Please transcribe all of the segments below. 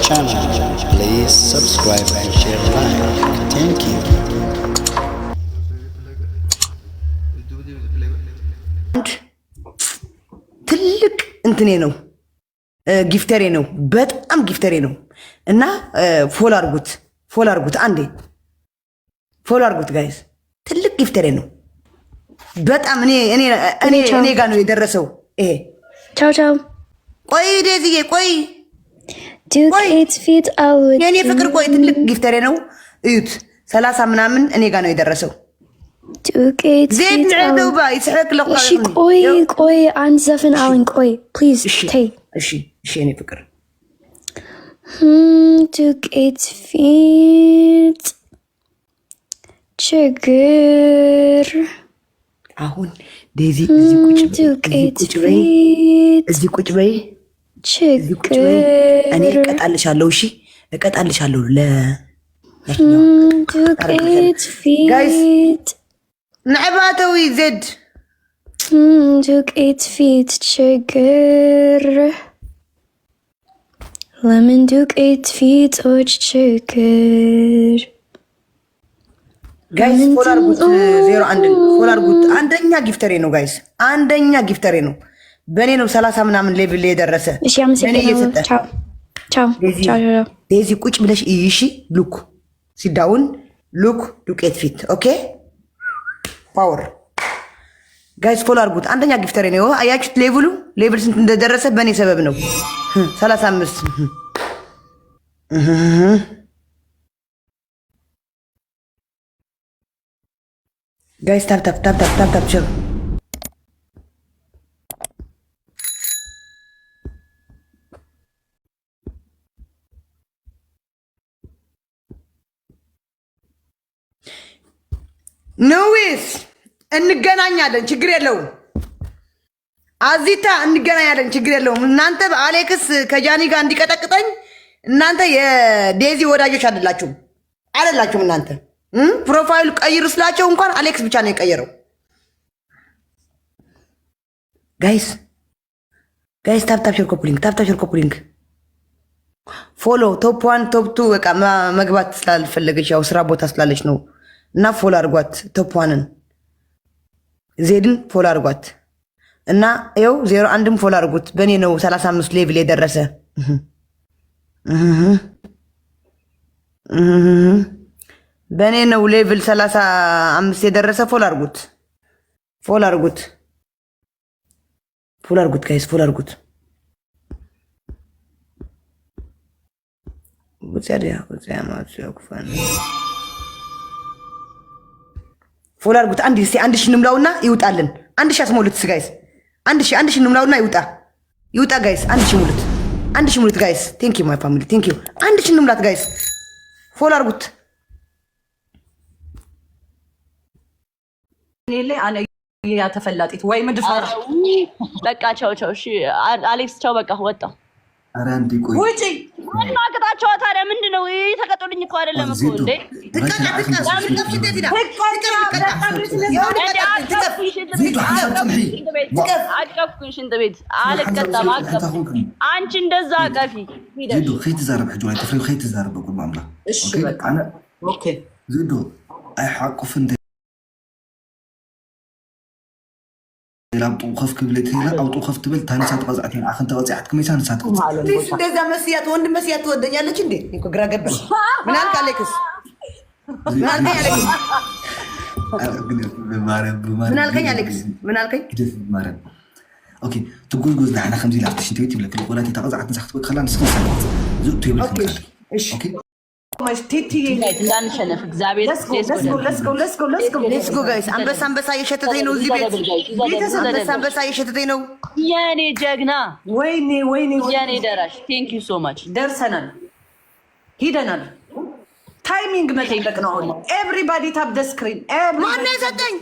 channel. Please subscribe and share like. Thank you. ትልቅ እንትኔ ነው ጊፍተሬ ነው። በጣም ጊፍተሬ ነው እና ፎሎ አርጉት፣ ፎሎ አርጉት፣ አንዴ ፎሎ አርጉት ጋይዝ። ትልቅ ጊፍተሬ ነው በጣም እኔ እኔ ጋር ነው የደረሰው ይሄ። ቻው ቻው። ቆይ ዴዝዬ ቆይ የእኔ ፍቅር ቆይ ትልቅ ጊፍተሬ ነው እዩት። ሰላሳ ምናምን እኔ ጋ ነው የደረሰው። ቆይ ቆይ አንድ ዘፈን hmm, አሁን ቆይ ፕሊዝ ተይ እኔ ፍቅር ዱቄት ፊት ችግር አሁን ዴዚ እዚህ ቁጭ በይ ችግር እኔ እቀጣልሻለሁ። እሺ እቀጣልሻለሁ። ለዱቄት ፊት ንዕባተዊ ዜድ ዱቄት ፊት ችግር ለምን ዱቄት ፊቶች ችግር ጋይስ ፎሎ አድርጉት። ዜሮ አንድ ፎሎ አድርጉት። አንደኛ ጊፍተሬ ነው ጋይስ፣ አንደኛ ጊፍተሬ ነው። በእኔ ነው ሰላሳ ምናምን ሌብል የደረሰ እኔ ዴዚ ቁጭ ብለሽ እይሺ ሉክ ሲዳውን ሉክ ዱቄት ፊት ኦኬ ፓወር ጋይስ ፎሎ አርጉት። አንደኛ ጊፍተር ነው አያችሁት። ሌቭሉ ሌቭል ስንት እንደደረሰ በእኔ ሰበብ ነው። ሰላሳ አምስት ጋይስ ታፕ ታፕ ታፕ ታፕ ታፕ ንዊስ እንገናኛለን፣ ችግር የለውም። አዚታ እንገናኛለን፣ ችግር የለውም። እናንተ አሌክስ ከጃኒ ጋር እንዲቀጠቅጠኝ እናንተ የዴዚ ወዳጆች አይደላችሁም አይደላችሁም። እናንተ ፕሮፋይሉ ቀይሩ ስላቸው እንኳን አሌክስ ብቻ ነው የቀየረው። ጋይስ ጋይስ፣ ታፕታፕ ሸር ኮፕሊንግ፣ ታፕታፕ ሸር ኮፕሊንግ ፎሎ ቶፕ ዋን ቶፕ ቱ በቃ መግባት ስላልፈለገች ያው ስራ ቦታ ስላለች ነው። እና ፎል አድርጓት ቶፕዋንን ዜድን ፎል አድርጓት እና ይኸው ዜሮ አንድም ፎል አድርጉት። በእኔ ነው ሰላሳ አምስት ሌቭል የደረሰ በእኔ ነው ሌቭል አምስት የደረሰ ፎል አድርጉት፣ ፎል አድርጉት፣ ፎል አድርጉት፣ ጋይስ ፎል አድርጉት። ጉጽያ ጉጽያ ማ ኩፋን ፎሎ አድርጉት። አንድ ሺ አንድ ሺ እንምላውና ይውጣልን። አንድ ሺ አስሞሉት ጋይስ። አንድ ሺ አንድ ሺ እንምላውና ይውጣ ይውጣ ጋይስ። አንድ ሺ ሙሉት። አንድ ሺ ሙሉት ጋይስ። ቴንክ ዩ ማይ ፋሚሊ ቴንክ ዩ። አንድ ሺ እንምላት ጋይስ። ፎሎ አድርጉት። ያ ተፈላጢት ወይ ምድፋራ በቃ ቻው ቻው። እሺ አሌክስ ቻው። በቃ ወጣው። ውጪ ወይም አቅጣጫዋ ታዲያ ምንድን ነው? ተቀጡልኝ እኮ አይደለም እኮ እንደ አቀፍኩኝ። ሽንት ቤት አልቀጣም። አቀፍኩኝ። አንቺ እንደዛ አቀፊ ሂደሽ ናብ ጥቑ ከፍ ክብል ኣብ ጥቑ ትብል እታ ንሳ ተቐፅዓት እያ ንዓኸን ክመይሳ ንሳ ተቐፅዓት እንደዛ መስያት ወንድ መስያት ትወደኛለች እንዴ ግራ ገባሽ ምን አልክ አሌክስ ምን አልከኝ ኦኬ ትጎዝጎዝ ንዓና ከምዚ ኢላ ይብለክ ንቆላት ተቐፅዓት ንሳ ክትበቅ ከላ ንስክንሳ ዝእቱ ይብል ኦኬ እንዳንሸነፍ እግዚአብሔር አንበሳ ነው። እዚህ የኔ ጀግና፣ ወይኔ ወይኔ፣ የኔ ደራሽ። ቴንክ ዩ ሶ ማች። ደርሰናል፣ ሂደናል። ታይሚንግ መጠበቅ ነው። አሁን ኤቭሪባዲ ታፕ ደ ስክሪን። ማነው የሰጠኝ?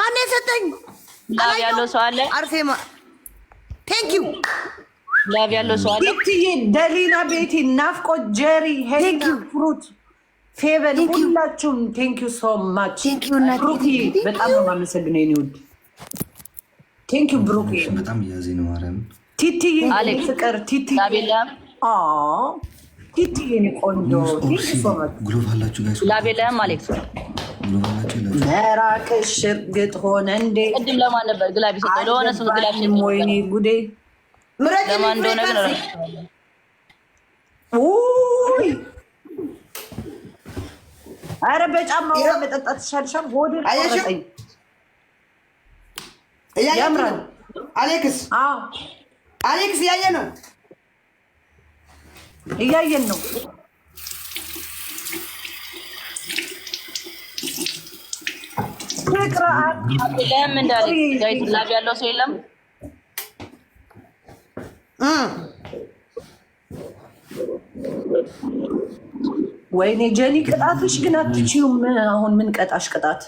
ማነው የሰጠኝ? ያለው ሰው አለ። አርሴማ ቴንክ ዩ ላብ ያለው ሰው አለ። ደሊና፣ ቤቲ፣ ናፍቆ ጀሪ፣ ሄና፣ ፍሩት፣ ፌቨን ሁላችሁም ቴንክ ዩ ሶ ማች። ብሩክ በጣም ነው የማመሰግነው የእኔ ውድ ቴንክ ዩ ብሩክ። በጣም እያዜ ነው ማርያም ቲቲ ፍቅር ቲቲ ቲቲ ቆንጆ ላቤላም አሌክስ መራቅሽ እርግጥ ሆነ እንዴ ቅድም ለማን ነበር ግላቢ ለሆነ ሰው ግላቢ ወይኔ ጉዴ ለማን እንደሆነ ግን አረ በጫማ ውሃ መጠጣት ይሻልሻል። ሆድ አየሽኝ ያምራል። አሌክስ አዎ፣ አሌክስ እያየ ነው እያየን ነው። ፍቅር ለምን እንዳለ ጋይዝ ላብ ያለው ሰው የለም። ወይኔ ጀኒ ቅጣትሽ ግን አትችይውም። አሁን ምን ቀጣሽ ቅጣት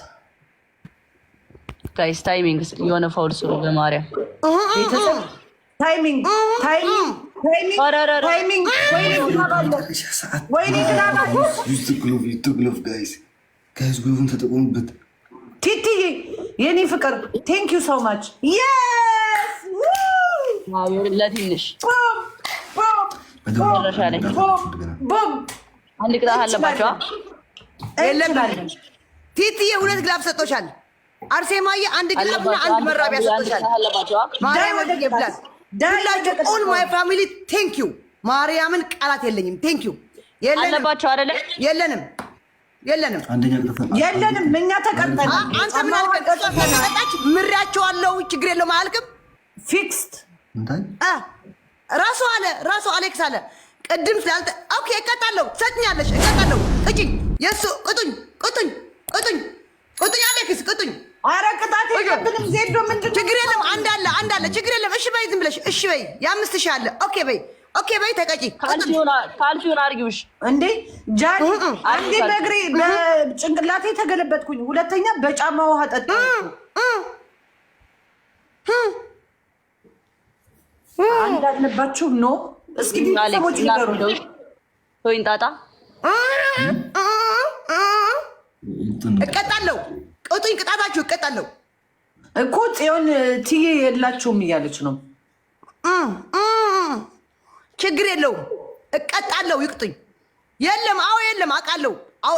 ጋይስ ታይሚንግ የሆነ ፋውል ስሩ። በማርያም ታይሚንግ ታይሚንግ ወይኔ ግላባለግሎቭ የኔ ፍቅር ቴንክ ዩ ሶ ማች ለትንሽ መጨረሻ ላይ አንድ ቅጣት አለባቸው። ቲቲዬ ሁለት ግላብ ሰጦሻል። አርሴማዬ አንድ ግላብና አንድ መራቢያ ሰጦሻል። ሁላችሁ ኦል ማይ ፋሚሊ ቴንክ ዩ። ማርያምን ቃላት የለኝም። ቴንክ ዩ አለባቸው አይደለ? የለንም የለንም የለንም። እኛ ተቀጠልን። አንተ ምን አልቀጣች ምሪያቸዋለሁ። ችግር የለውም አያልቅም ፊክስድ ራሱ አለ ራሱ አሌክስ አለ ቅድም ስላልተ ኦኬ፣ እቀጣለሁ። ሰጥኛለሽ፣ እቀጣለሁ። ቅጭኝ፣ የእሱ ቅጡኝ፣ ቅጡኝ፣ ቅጡኝ፣ ቅጡኝ፣ አሌክስ ቅጡኝ። ኧረ ቅጣት የለብንም ዜዶ፣ ምንድን ችግር የለም። አንድ አለ፣ አንድ አለ፣ ችግር የለም። እሺ በይ፣ ዝም ብለሽ እሺ በይ። የአምስት ሺህ አለ። ኦኬ በይ፣ ኦኬ በይ፣ ተቀጪ። ካልሽውን አርጊውሽ እንዴ ጃኒ። አንዴ በእግሬ በጭንቅላቴ ተገለበጥኩኝ፣ ሁለተኛ በጫማ ውሃ ጠጥ እንዳለባቸው ነው። እስኪ ቤተሰቦች ጣጣ እቀጣለሁ፣ ቅጡኝ፣ ቅጣታችሁ እቀጣለሁ እኮ ጽዮን ትዬ የላችሁም እያለች ነው። ችግር የለውም እቀጣለሁ፣ ይቅጡኝ። የለም አዎ፣ የለም አውቃለሁ።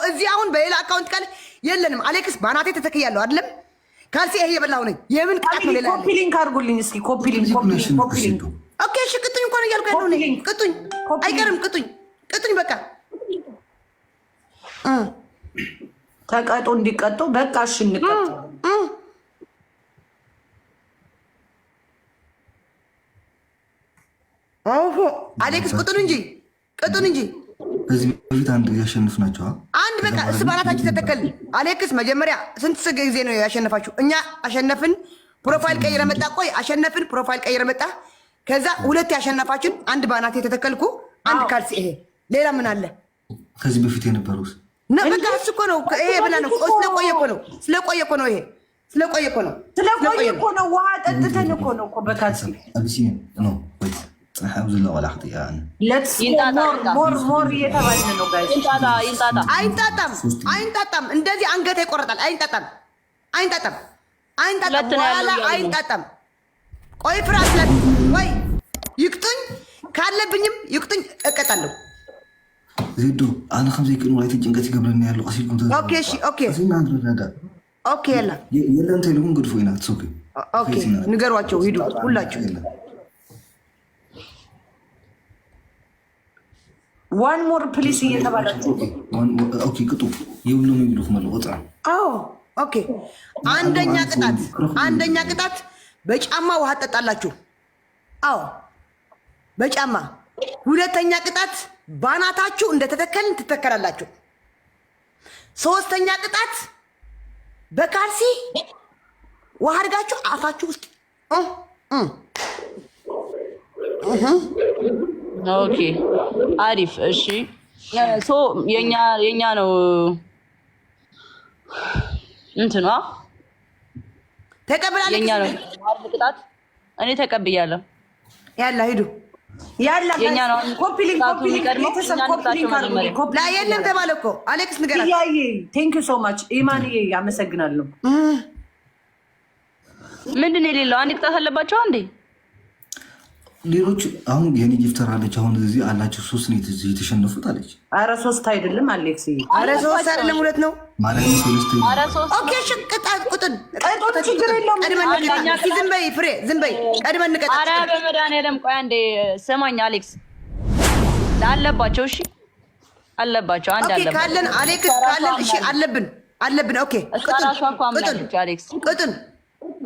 እዚህ አሁን በሌላ አካውንት ቃል የለንም። አሌክስ ባናቴ ተተክያለሁ አይደለም ካልሲ ይሄ የበላሁ ነኝ። የምን ቃል ነው? ሌላ ኮፒ ሊንክ አድርጉልኝ እስኪ። ኮፒ ሊንክ ኮፒ ሊንክ ኮፒ ሊንክ። ኦኬ እሺ፣ ቅጡኝ እኮ ነው እያልኩ ያለው ነኝ። ቅጡኝ አይቀርም፣ ቅጡኝ ቅጡኝ። በቃ ተቀጡ፣ እንዲቀጡ በቃ። እሺ እንቀጡ አሌክስ፣ ቅጡን እንጂ ቅጡን እንጂ ከዚህ በፊት አንድ ጊዜ አሸንፍናቸው። አንድ በቃ እስ በአናታችሁ ተተከልን። አሌክስ መጀመሪያ ስንት ጊዜ ነው ያሸነፋችሁ? እኛ አሸነፍን፣ ፕሮፋይል ቀይረ መጣ። ቆይ አሸነፍን፣ ፕሮፋይል ቀይረ መጣ። ከዛ ሁለት ያሸነፋችን፣ አንድ በአናቴ የተተከልኩ፣ አንድ ካልሲ። ይሄ ሌላ ምን አለ? ከዚህ በፊት የነበረው በቃ እሱ እኮ ነው። ይሄ ብላ ነው ስለቆየ እኮ ነው ስለቆየ እኮ ነው ይሄ ስለቆየ እኮ ነው ስለቆየ እኮ ነው። ውሃ ጠጥተን እኮ ነው እኮ በካልሲ ነው ፀሓብ ዘሎ ቆላሕቲ እያ ሞርሞር እየተባለ ነው አይንጣጣም አይንጣጣም እንደዚህ አንገት ይቆረጣል አይንጣጣም አይንጣጣም አይንጣጣም ዋላ አይንጣጣም ቆይ ፍራ ወይ ይቅጡኝ ካለብኝም ይቅጡኝ እቀጣለሁ ዜዶ ኣነ ከምዘይክእል ዋይተ ጭንቀት ይገብረኒ ያለ ቀሲልኩም ኦኬ የላ የለ እንተይልኩም ግድፎ ኢና ንገሯቸው ሂዱ ሁላችሁ ዋን ሞር ፕሊስ እየተባላችሁ ቅጡ የሁሉም የሚሉት መለ ቁጥር ኦኬ። አንደኛ ቅጣት አንደኛ ቅጣት በጫማ ውሃ ጠጣላችሁ። አዎ በጫማ ሁለተኛ ቅጣት ባናታችሁ እንደተተከልን ትተከላላችሁ። ሶስተኛ ቅጣት በካልሲ ውሃ አድርጋችሁ አፋችሁ ውስጥ ኦኬ አሪፍ። እሺ ሶ የኛ የኛ ነው እንትኗ ተቀብላለች። የኛ ነው ቅጣት። እኔ ተቀብያለሁ። ያላ ሂዱ ያላ የኛ ነው። ኮፒ ሊንክ ኮፒ ሊንክ የለም ተባለ እኮ አሌክስ ንገራት። ያዬ ቴንክ ዩ ሶ ማች ኢማንዬ፣ አመሰግናለሁ። ምንድን ነው የሌለው? አንድ ቅጣት አለባቸው አንዴ ሌሎች አሁን የኔ ጊፍተር አለች። አሁን እዚህ አላቸው ሶስት ነው የተሸነፉት አለች። አረ ሶስት አይደለም አሌክስ፣ አረ ሶስት አይደለም ሁለት ነው። ዝም በይ ፍሬ፣ ዝም በይ ቀድመን እንቀጣ። አረ በመድኃኒዓለም ቆይ አንዴ ስማኝ አሌክስ። አለባቸው እሺ፣ አለባቸው አንድ ካለን አሌክስ ካለን እሺ፣ አለብን አለብን። ኦኬ አሌክስ ቅጡን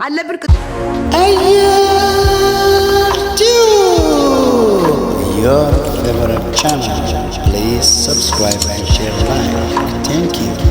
አለብን ቅጡን your favorite channel. Please subscribe and share like. Thank you.